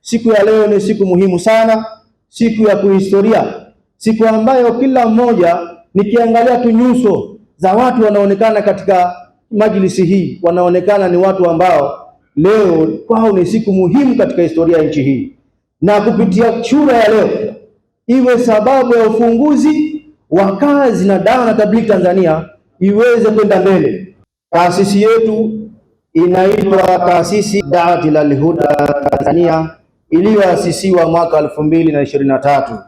Siku ya leo ni siku muhimu sana, siku ya kuhistoria, siku ambayo kila mmoja, nikiangalia tu nyuso za watu wanaonekana katika majlisi hii, wanaonekana ni watu ambao leo kwao ni siku muhimu katika historia ya nchi hii, na kupitia shura ya leo iwe sababu ya ufunguzi wa kazi na dawa na tablighi Tanzania iweze kwenda mbele. Taasisi yetu inaitwa taasisi Daawati Lil Huda Tanzania iliyoasisiwa mwaka 2023.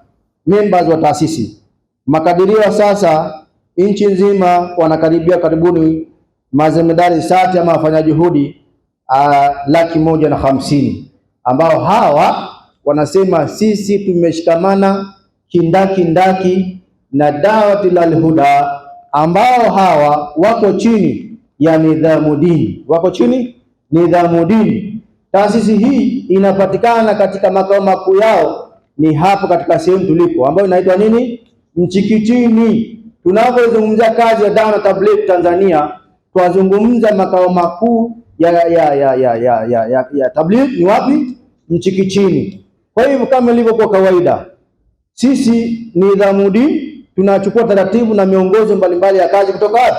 Members wa taasisi makadirio sasa nchi nzima wanakaribia karibuni mazemedari sati ama wafanya juhudi ah, laki moja na hamsini ambao hawa wanasema sisi tumeshikamana kindaki ndaki na dawa tilalhuda ambao hawa wako chini ya nidhamu dini, wako chini nidhamu dini. Taasisi hii inapatikana katika makao makuu yao ni hapo katika sehemu tulipo, ambayo inaitwa nini, Mchikichini. Tunapozungumzia kazi ya dawa na tabligh Tanzania, twazungumza makao makuu ya ya ya ya ya ya, ya, ya tabligh ni wapi? Mchikichini. Kwa hivyo kama ilivyokuwa kawaida, sisi nidhamu dini tunachukua taratibu na miongozo mbalimbali ya kazi kutoka wapi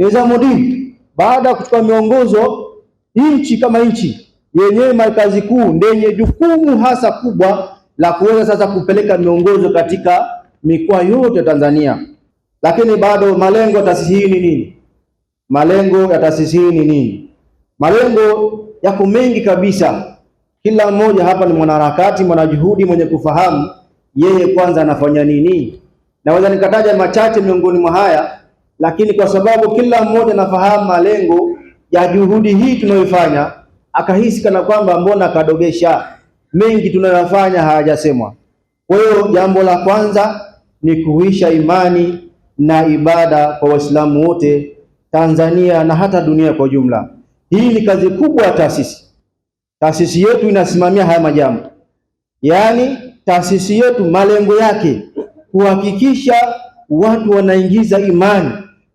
Nizamuddin baada ya kuchukua miongozo, nchi kama nchi yenyewe makazi kuu ndenye jukumu hasa kubwa la kuweza sasa kupeleka miongozo katika mikoa yote Tanzania. Lakini bado malengo ya taasisi hii ni nini? Malengo ya taasisi hii ni nini? Malengo yako mengi kabisa. Kila mmoja hapa ni mwanaharakati, mwanajuhudi mwenye kufahamu yeye kwanza anafanya nini. Naweza nikataja machache miongoni mwa haya lakini kwa sababu kila mmoja anafahamu malengo ya juhudi hii tunayoifanya, akahisi kana kwamba mbona kadogesha, mengi tunayofanya hayajasemwa. Kwa hiyo jambo la kwanza ni kuhuisha imani na ibada kwa Waislamu wote Tanzania na hata dunia kwa ujumla. Hii ni kazi kubwa ya taasisi. Taasisi yetu inasimamia haya majambo, yaani taasisi yetu malengo yake kuhakikisha watu wanaingiza imani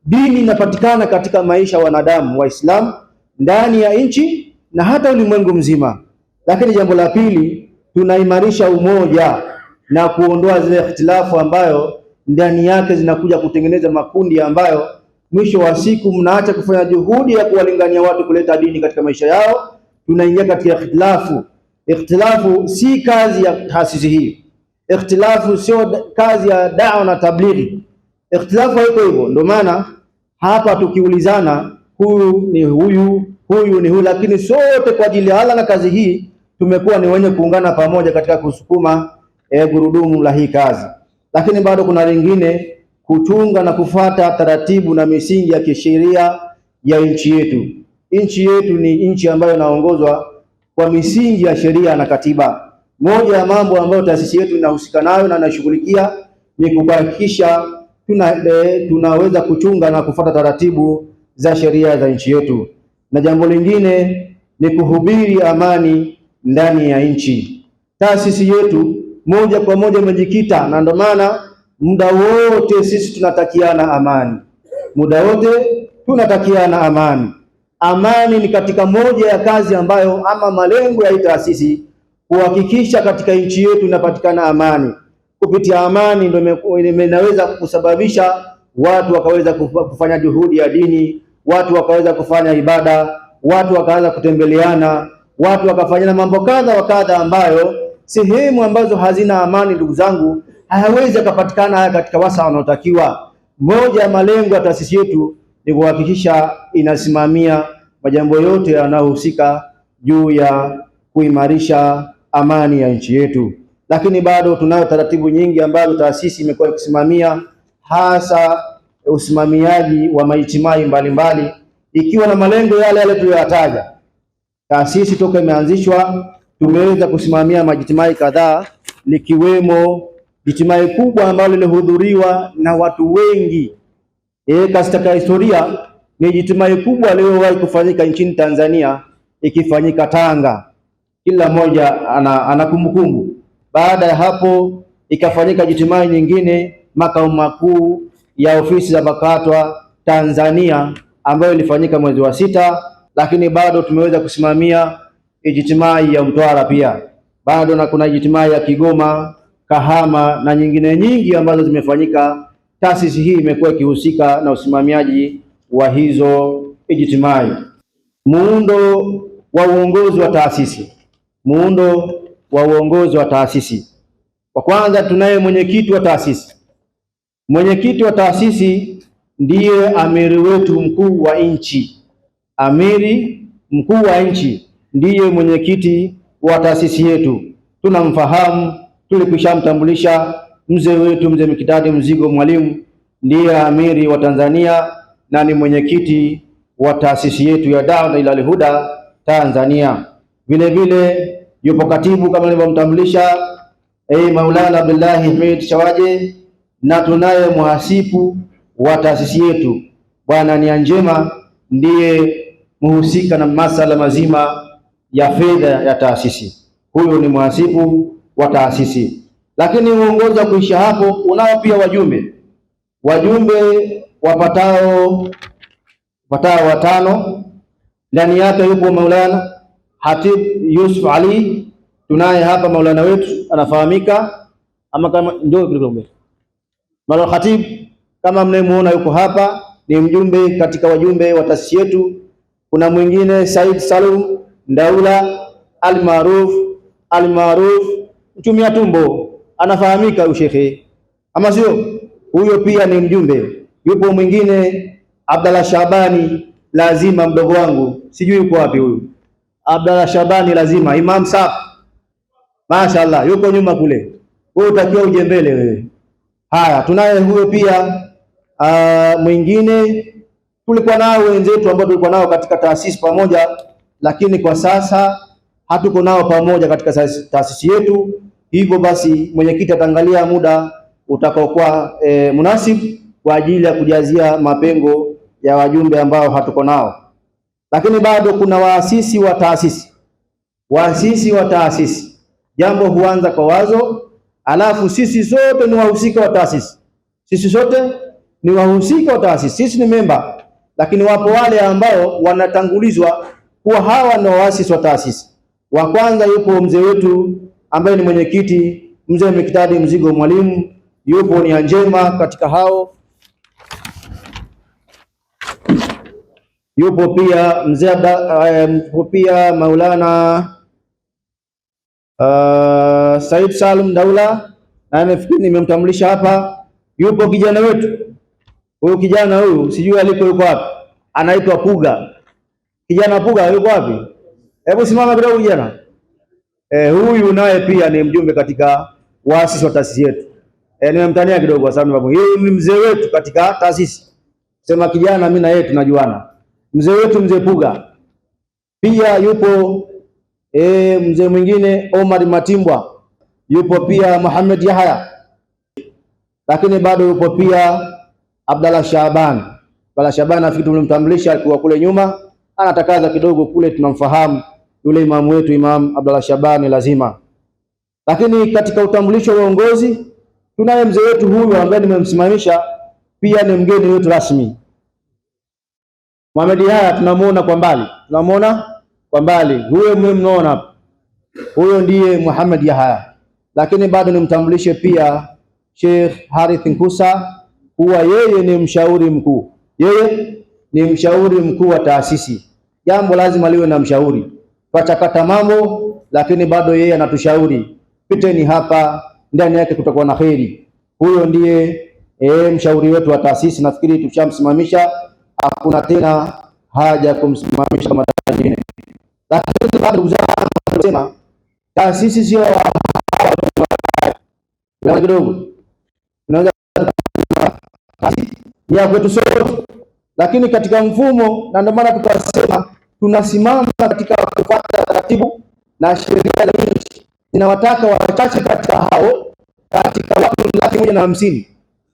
Dini inapatikana katika maisha wanadamu Waislamu ndani ya nchi na hata ulimwengu mzima. Lakini jambo la pili, tunaimarisha umoja na kuondoa zile ikhtilafu ambayo ndani yake zinakuja kutengeneza makundi ambayo mwisho wa siku mnaacha kufanya juhudi ya kuwalingania watu kuleta dini katika maisha yao, tunaingia katika ikhtilafu. Ikhtilafu si kazi ya taasisi hii, ikhtilafu sio kazi ya dawa na tablighi. Ikhtilafu haiko hivyo, ndio maana hapa tukiulizana, huyu ni huyu, huyu ni huyu, lakini sote kwa ajili ya hala na kazi hii tumekuwa ni wenye kuungana pamoja katika kusukuma eh, gurudumu la hii kazi. Lakini bado kuna lingine, kuchunga na kufata taratibu na misingi ya kisheria ya nchi yetu. Nchi yetu ni nchi ambayo inaongozwa kwa misingi ya sheria na katiba. Moja ya mambo ambayo taasisi yetu inahusika nayo na inashughulikia ni kuhakikisha tuna, e, tunaweza kuchunga na kufuata taratibu za sheria za nchi yetu, na jambo lingine ni kuhubiri amani ndani ya nchi. Taasisi yetu moja kwa moja imejikita, na ndio maana muda wote sisi tunatakiana amani, muda wote tunatakiana amani. Amani ni katika moja ya kazi ambayo ama malengo ya hii taasisi kuhakikisha katika nchi yetu inapatikana amani kupitia amani ndio inaweza kusababisha watu wakaweza kufanya juhudi ya dini, watu wakaweza kufanya ibada, watu wakaanza kutembeleana, watu wakafanyana mambo kadha wa kadha, ambayo sehemu ambazo hazina amani, ndugu zangu, hayawezi akapatikana haya katika wasa wanaotakiwa. Moja ya malengo ya taasisi yetu ni kuhakikisha inasimamia majambo yote yanayohusika juu ya kuimarisha amani ya nchi yetu lakini bado tunayo taratibu nyingi ambazo taasisi imekuwa ikisimamia, hasa usimamiaji wa maitimai mbalimbali, ikiwa na malengo yale yale tuliyoyataja. Taasisi toka imeanzishwa tumeweza kusimamia majitimai kadhaa, likiwemo jitimai kubwa ambalo lilihudhuriwa na watu wengi e, katika historia ni jitimai kubwa aliyowahi kufanyika nchini Tanzania, ikifanyika Tanga. Kila mmoja ana, ana kumbukumbu baada ya hapo ikafanyika jitimai nyingine makao makuu ya ofisi za BAKWATA Tanzania ambayo ilifanyika mwezi wa sita, lakini bado tumeweza kusimamia ijitimai ya Mtwara pia bado, na kuna ijitimai ya Kigoma, Kahama na nyingine nyingi ambazo zimefanyika. Taasisi hii imekuwa ikihusika na usimamiaji wa hizo ijitimai. Muundo wa uongozi wa taasisi muundo wa uongozi wa taasisi. Kwa kwanza, tunaye mwenyekiti wa taasisi. Mwenyekiti wa taasisi ndiye amiri wetu mkuu wa nchi. Amiri mkuu wa nchi ndiye mwenyekiti wa taasisi yetu, tunamfahamu, tulikushamtambulisha Mzee wetu mzee Mikidadi Mzigo Mwalimu ndiye amiri wa Tanzania na ni mwenyekiti wa taasisi yetu ya Dawa Ilal Ilalihuda Tanzania. Vilevile yupo katibu kama nilivyomtambulisha eh, Maulana Abdullahi Hamid Shawaje, na tunaye mhasibu wa taasisi yetu Bwana Nia Njema, ndiye mhusika na masala mazima ya fedha ya taasisi. Huyo ni mhasibu wa taasisi, lakini uongozi wa kuisha hapo unao pia wajumbe, wajumbe wapatao wapatao watano, ndani yake yupo Maulana Hatib Yusuf Ali tunaye hapa, maulana wetu anafahamika, ama kama ndio kuliko Khatib kama mnayemuona yuko hapa, ni mjumbe katika wajumbe wa taasisi yetu. Kuna mwingine Said Salum Ndaula almaruf almaruf mtumia tumbo, anafahamika ushekhe, ama sio? Huyo pia ni mjumbe. Yupo mwingine Abdallah Shabani, lazima mdogo wangu, sijui yuko wapi huyu Abdalla Shabani lazima, Imam Saf, mashaallah yuko nyuma kule, wewe utakiwa uje mbele wewe. Haya, tunaye huyo pia. Uh, mwingine tulikuwa nao wenzetu ambao tulikuwa nao katika taasisi pamoja, lakini kwa sasa hatuko nao pamoja katika taasisi yetu. Hivyo basi, mwenyekiti ataangalia muda utakaokuwa e, munasib kwa ajili ya kujazia mapengo ya wajumbe ambao hatuko nao. Lakini bado kuna waasisi wa taasisi, waasisi wa taasisi, jambo huanza kwa wazo, alafu sisi sote ni wahusika wa taasisi, sisi sote ni wahusika wa taasisi, sisi ni memba. Lakini wapo wale ambao wanatangulizwa kuwa hawa ni waasisi wa taasisi. Wa kwanza yupo mzee wetu ambaye ni mwenyekiti, mzee Miktadi Mzigo Mwalimu, yupo ni njema katika hao yupo pia mzee Abda, eh, yupo pia Maulana uh, Said Salum Daula, na nafikiri nimemtambulisha hapa. Yupo kijana wetu huyu, kijana huyu sijui aliko, yuko wapi? Anaitwa Puga. Kijana Puga yuko wapi? Hebu simama kidogo kijana. Eh, huyu naye pia ni mjumbe katika waasisi wa taasisi yetu. Eh, nimemtania kidogo kwa sababu yeye ni mzee wetu katika taasisi. Sema kijana, mimi na yeye tunajuana mzee wetu mzee Puga, pia yupo e, mzee mwingine Omar Matimbwa, yupo pia Muhammad Yahya, lakini bado yupo pia Abdallah Shaban. Abdalla Shaaban nafikiri tulimtambulisha alikuwa kule nyuma, anatakaza kidogo kule, tunamfahamu yule imamu wetu, Imam abdalla Shaaban lazima. Lakini katika utambulisho wa uongozi tunaye mzee wetu huyu ambaye nimemsimamisha, pia ni mgeni wetu rasmi Mohamed Yahya tunamuona kwa mbali, tunamuona kwa mbali, huyo mnaona hapa, huyo ndiye Mohamed Yahya. Lakini bado nimtambulishe pia Sheikh Harith Nkusa kuwa yeye ni mshauri mkuu, yeye ni mshauri mkuu wa taasisi. Jambo lazima liwe na mshauri, twachakata mambo, lakini bado yeye anatushauri piteni hapa, ndani yake kutakuwa na kheri. Huyo ndiye e, mshauri wetu wa taasisi. Nafikiri tushamsimamisha hakuna tena haja ya kumsimamisha kwa Lakini ndugu zangu, tunasema taasisi sio kidogo, tunaweza ya kwetu sote, lakini katika mfumo, na ndio maana tukasema tunasimama katika kufuata taratibu na sheria za nchi zinawataka wachache katika hao katika watu laki moja na hamsini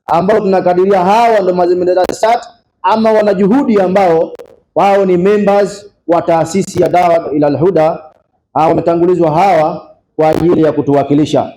ambao tunakadiria hawa ndio mazimendeza sasa ama wanajuhudi ambao wao ni members wa taasisi ya Dawa ila Alhuda, wametangulizwa hawa kwa ajili ya kutuwakilisha.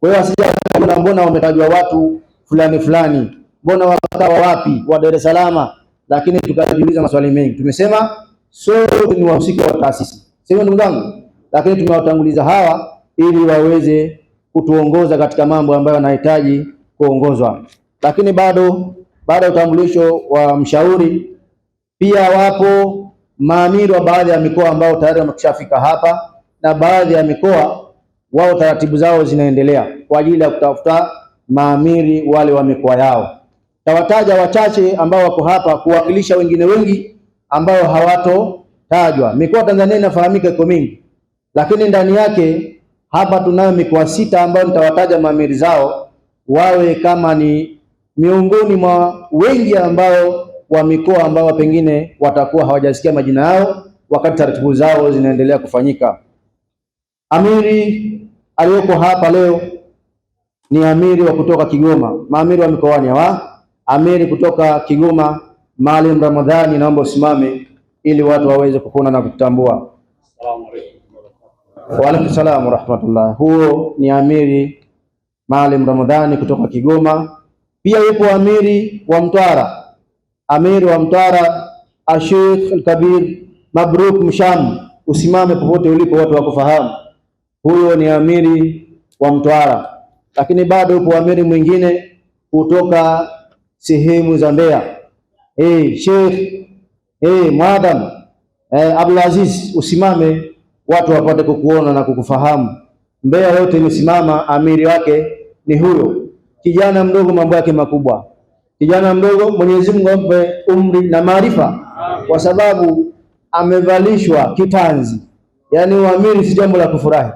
Kwa hiyo kuna mbona wametajwa watu fulani fulani, mbona wakawa wapi wa Dar es Salaam? Lakini tukajiuliza maswali mengi, tumesema sote ni wahusika wa taasisi, sio ndugu zangu, lakini tumewatanguliza hawa ili waweze kutuongoza katika mambo ambayo wanahitaji kuongozwa, lakini bado baada ya utambulisho wa mshauri. Pia wapo maamiri wa baadhi ya mikoa ambao tayari wamekushafika hapa, na baadhi ya mikoa wao taratibu zao zinaendelea kwa ajili ya kutafuta maamiri wale wa mikoa yao. Tawataja wachache ambao wako hapa kuwakilisha wengine wengi ambao hawatotajwa. Mikoa Tanzania inafahamika iko mingi, lakini ndani yake hapa tunayo mikoa sita ambayo nitawataja maamiri zao wawe kama ni miongoni mwa wengi ambao wa mikoa ambao pengine watakuwa hawajasikia majina yao wakati taratibu zao zinaendelea kufanyika. Amiri aliyoko hapa leo ni amiri wa kutoka Kigoma, maamiri wa mikoani hawa. Amiri kutoka Kigoma, Maalim Ramadhani, naomba usimame ili watu waweze kukuona na kutambua. Wa alaykum salaam wa rahmatullah. Huo ni amiri Maalim Ramadhani kutoka Kigoma. Pia yupo amiri wa Mtwara, amiri wa Mtwara Ashekh Alkabir Mabruk Msham, usimame popote ulipo, watu wakufahamu. Huyo ni amiri wa Mtwara, lakini bado yupo amiri mwingine kutoka sehemu za Mbeya, eh Sheikh eh Mwadham eh Abdul Aziz, usimame watu wapate kukuona na kukufahamu. Mbeya yote imesimama, amiri wake ni huyo. Kijana mdogo mambo yake makubwa. Kijana mdogo Mwenyezi Mungu ampe umri na maarifa, kwa sababu amevalishwa kitanzi. Yaani uamiri si jambo la kufurahi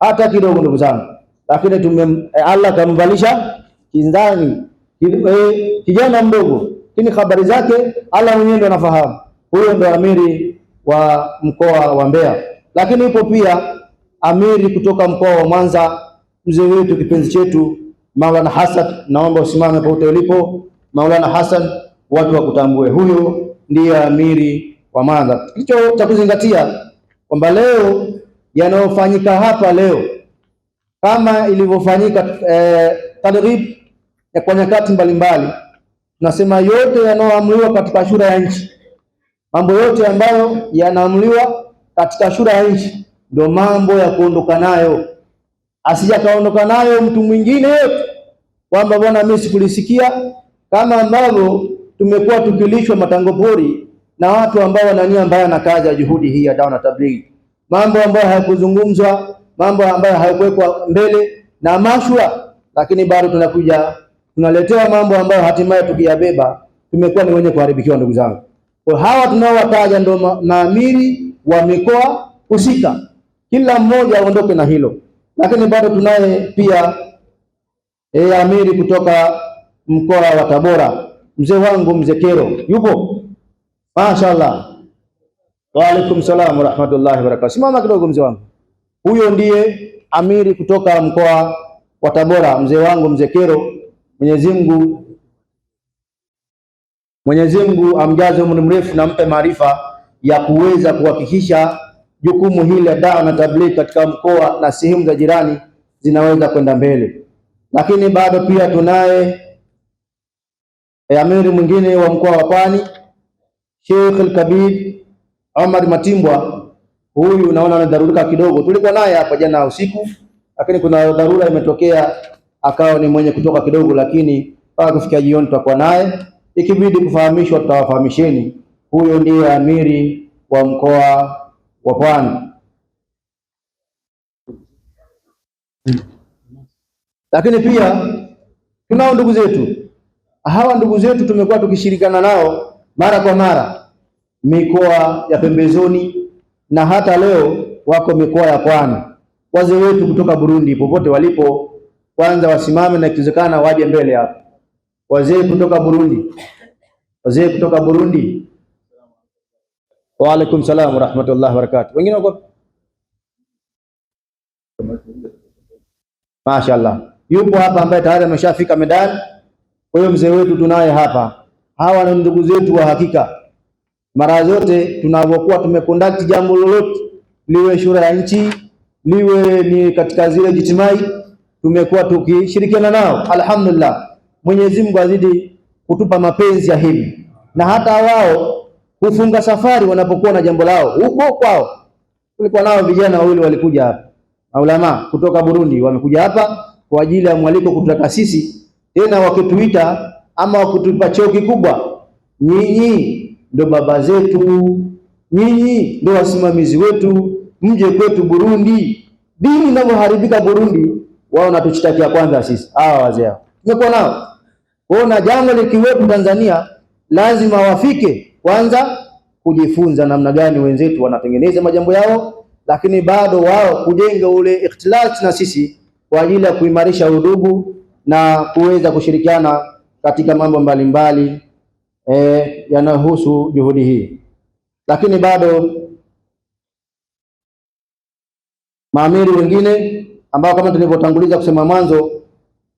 hata kidogo, ndugu zangu, lakini tume eh, Allah kamvalisha kinzani eh, kijana mdogo, lakini habari zake Allah mwenyewe ndo anafahamu. Huyo ndo amiri wa mkoa wa Mbeya, lakini ipo pia amiri kutoka mkoa wa Mwanza, mzee wetu, kipenzi chetu Maulana Hassan, naomba usimame popote ulipo. Maulana Hassan, watu wakutambue, huyo ndiye amiri wa Mandha. Kicho cha kuzingatia kwamba leo yanayofanyika hapa leo kama ilivyofanyika eh, tadrib ya kwa nyakati mbalimbali, tunasema yote yanayoamriwa katika shura ya nchi, mambo yote ambayo yanaamuliwa katika shura ya nchi ndio mambo ya kuondoka nayo asija kaondoka nayo mtu mwingine yote, kwamba bwana, mimi sikulisikia, kama ambavyo tumekuwa tukilishwa matango pori na watu ambao wana nia mbaya na kazi ya juhudi hii ya dawa na tablighi, mambo ambayo hayakuzungumzwa, mambo ambayo hayakuwekwa mbele na mashwa, lakini bado tunakuja tunaletewa mambo ambayo hatimaye tukiyabeba tumekuwa ni wenye kuharibikiwa. Ndugu zangu, kwa hawa tunaowataja ndio maamiri wa mikoa husika, kila mmoja aondoke na hilo. Lakini bado tunaye pia e, amiri kutoka mkoa wa Tabora, mzee wangu mzee Kero, yupo mashaallah. Wa alaikum salaam wa rahmatullahi wa barakatuh. Simama kidogo mzee wangu, huyo ndiye amiri kutoka mkoa wa Tabora, mzee wangu mzee Kero. Mwenyezi Mungu Mwenyezi Mungu amjaze umri mrefu na mpe maarifa ya kuweza kuhakikisha jukumu hili la dawa na tabligh katika mkoa na sehemu za jirani zinaweza kwenda mbele. Lakini bado pia tunaye e, amiri mwingine wa mkoa wa Pwani Sheikh al-Kabir Omar Matimbwa, huyu naona amedharurika kidogo. Tulikuwa naye hapa jana usiku, lakini kuna dharura imetokea akawa ni mwenye kutoka kidogo, lakini mpaka kufikia jioni tutakuwa naye. Ikibidi kufahamishwa, tutawafahamisheni. Huyo ndiye amiri wa mkoa wa Pwani. Lakini pia tunao ndugu zetu, hawa ndugu zetu tumekuwa tukishirikana nao mara kwa mara mikoa ya pembezoni, na hata leo wako mikoa ya pwani. Wazee wetu kutoka Burundi, popote walipo, kwanza wasimame na ikiwezekana waje mbele hapa. Wazee kutoka Burundi, wazee kutoka Burundi wa alaikum salam wa wabarakatuh. Wengine wako Mashaallah. Yupo hapa ambaye tayari ameshafika medani. Huyo mzee wetu tunaye hapa. Hawa ni ndugu zetu wa hakika. Mara zote tunavyokuwa tumeconduct jambo lolote, liwe shura ya nchi, liwe ni katika zile jitimai, tumekuwa tukishirikiana nao. Alhamdulillah, Mwenyezi Mungu azidi kutupa mapenzi ya hili, na hata wao hufunga safari wanapokuwa na jambo lao huko kwao. Kulikuwa nao vijana wawili walikuja hapa, maulama kutoka Burundi, wamekuja hapa kwa ajili ya mwaliko kutaka sisi, tena wakituita ama wakutupa cheo kikubwa, nyinyi ndo baba zetu, nyinyi ndo wasimamizi wetu, mje kwetu Burundi. Dini inavyoharibika Burundi, wao natushtakia kwanza sisi. Hawa wazee hao tumekuwa nao, na jambo likiwepo Tanzania lazima wafike kwanza kujifunza namna gani wenzetu wanatengeneza majambo yao, lakini bado wao kujenga ule ikhtilat na sisi kwa ajili ya kuimarisha udugu na kuweza kushirikiana katika mambo mbalimbali e, yanayohusu juhudi hii, lakini bado maamiri wengine ambao kama tulivyotanguliza kusema mwanzo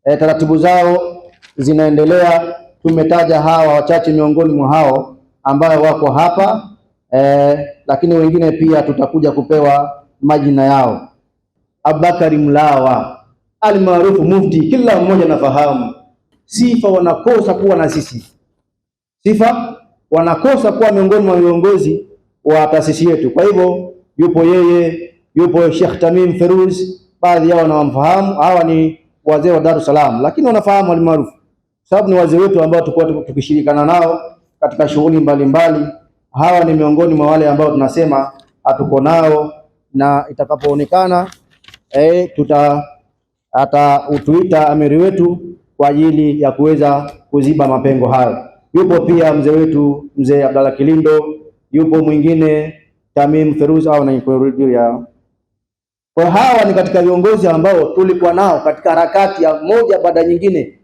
e, taratibu zao zinaendelea. Tumetaja hawa wachache miongoni mwa hao ambayo wako hapa eh, lakini wengine pia tutakuja kupewa majina yao. Abubakari Mlawa almaarufu Mufti, kila mmoja anafahamu sifa, wanakosa kuwa na sisi sifa, wanakosa kuwa miongoni mwa viongozi wa taasisi yetu. Kwa hivyo yupo yeye, yupo Sheikh Tamim Feruz, baadhi yao wanawamfahamu. Hawa ni wazee wa Dar es Salaam, lakini wanafahamu almaarufu, sababu ni wazee wetu ambao tulikuwa tukishirikana nao katika shughuli mbalimbali. Hawa ni miongoni mwa wale ambao tunasema hatuko nao na itakapoonekana e, tuta atautuita amiri wetu kwa ajili ya kuweza kuziba mapengo hayo. Yupo pia mzee wetu mzee Abdalla Kilindo, yupo mwingine Tamim Feruz au ya kwa hawa ni katika viongozi ambao tulikuwa nao katika harakati ya moja baada nyingine